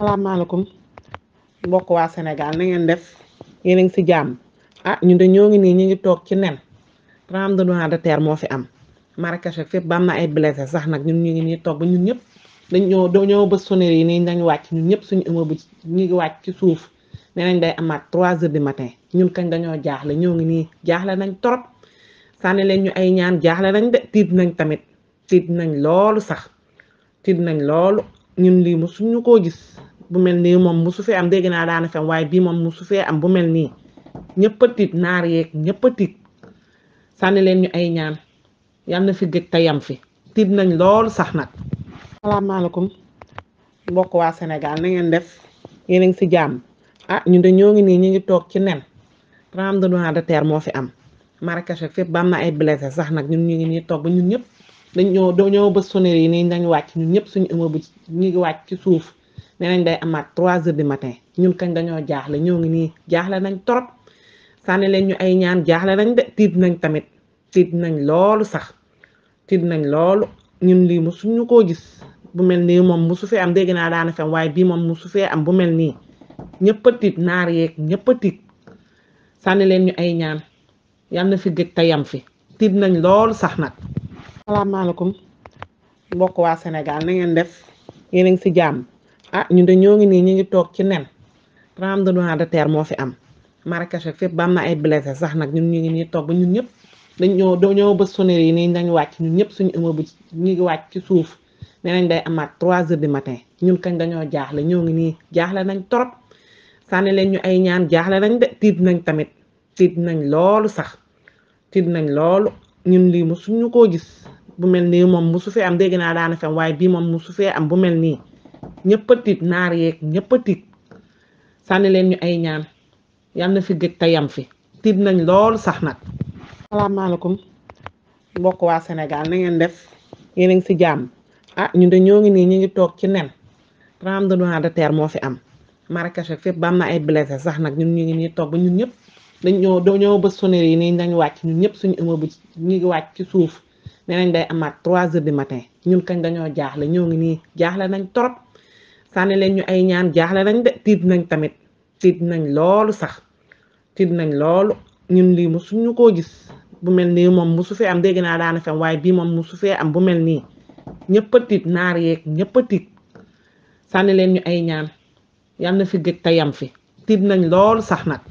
salaamaaleykum mbokk waa Sénégal na def yéen a ngi si jàmm ah ñu de ñoo ngi nii ñu ngi toog ci nen tremblement de terre moo fi am Marrakech ak fépp ba na ay blessé sax nag ñun ñu ngi nii toog ba ñun ñëpp dañoo dañoo ba sonnerie yi nii dañ wàcc ñëpp suñu immeuble ñu ngi wàcc ci suuf nee nañ day amaat trois heures du matin ñu kañ dañoo jaaxle ñoo ngi nii jaaxle nañ trop sànni leen ñu ay ñaan jaaxle nañ de tiit nañ tamit tiit nañ loolu sax tiit nañ loolu ñun lii mosuñu koo gis bu mel nii moom musu fee am dégg naa daana fem waaye bii moom musu fee am bu mel nii ñëpp a tiit naar yéeg ñëpp tiit sànni leen ñu ay ñaan yal na fi gëj te yam fi tiit nañ lool sax nag. salaamaaleykum mbokk waa Sénégal na ngeen def yéen a ngi si jàmm ah ñu de ñoo ngi nii ñu ngi toog ci nen tremblement de terre moo fi am Marrakech ak fépp ba am na ay blessé sax nag ñun ñu ngi nii toog ba ñun ñëpp dañ ñoo dañoo bës sonnerie yi nii nañ wàcc ñun ñëpp suñu ëmb bi ñu ngi wàcc ci suuf. nee day amaat trois heures du matin ñun kañ dañoo jaaxle ñoo ngi nii jaaxle nañ torop sànni leen ñu ay ñaan jaaxle nañ de tiit nañ tamit tiit nañ loolu sax tiit nañ loolu ñun lii mu suñu gis bu mel nii moom su fee am dégg waaye bii moom mu su am bu mel nii ñëpp naar yeeg ñëpp sànni leen ñu ay ñaan yal na te yam fi tiit nañ loolu sax nag salaamaaleykum mbokk waa Sénégal na ngeen def yéen a ngi si jàmm ah ñun de ñoo ngi nii ñu ngi toog ci nen tremblement de terre moo fi am Marrakech ak fépp ba am na ay blessé sax nag ñun ñu ngi nii toog ba ñu ñëpp dañoo dañoo ba sonnerie yi nii dañ wàcc ñun ñëpp suñu immeuble ñu ngi wàcc ci suuf nee nañ day amaat trois heures du matin ñun kañ dañoo jaaxle ñoo ngi nii jaaxle nañ torop sànni leen ñu ay ñaan jaaxle nañ de tiit nañ tamit tiit nañ loolu sax tiit nañ loolu ñun lii mosuñu koo gis bu mel nii moom mosu fee am dégg naa daana fam waaye bii moom mosu fee am bu mel nii ñëpp a tiit naar yeeg ñëpp a tiit sànni leen ñu ay ñaan yal na fi gëj te yam fi tiit nañ lool sax nag salaamaaleykum mbokk waa Sénégal na ngeen def yéen a ngi si jàmm ah ñu de ñoo ngi nii ñu ngi toog ci nen tremblement de terre moo fi am Marrakech fépp ba am na ay blessé sax nag ñun ñu ngi nii toog ba ñun ñëpp dañoo dañoo bës sonnerie yi nii nañ wàcc ñun ñëpp suñu immeuble ñu ngi wàcc ci suuf ne nañ day amaat trois heures du matin ñun kañ dañoo jaaxle ñoo ngi nii jaaxle nañ torop sànni leen ñu ay ñaan jaaxle nañ de tiit nañ tamit tiit nañ loolu sax tiit nañ loolu ñun lii musuñu ko gis bu mel nii moom su fee am dégg naa daana fem waaye bii moom musu fee am bu mel nii ñëpp tiit naar yeeg ñëpp a tiit sànni leen ñu ay ñaan yal na fi gëj te yam fi tiit nañ loolu sax nag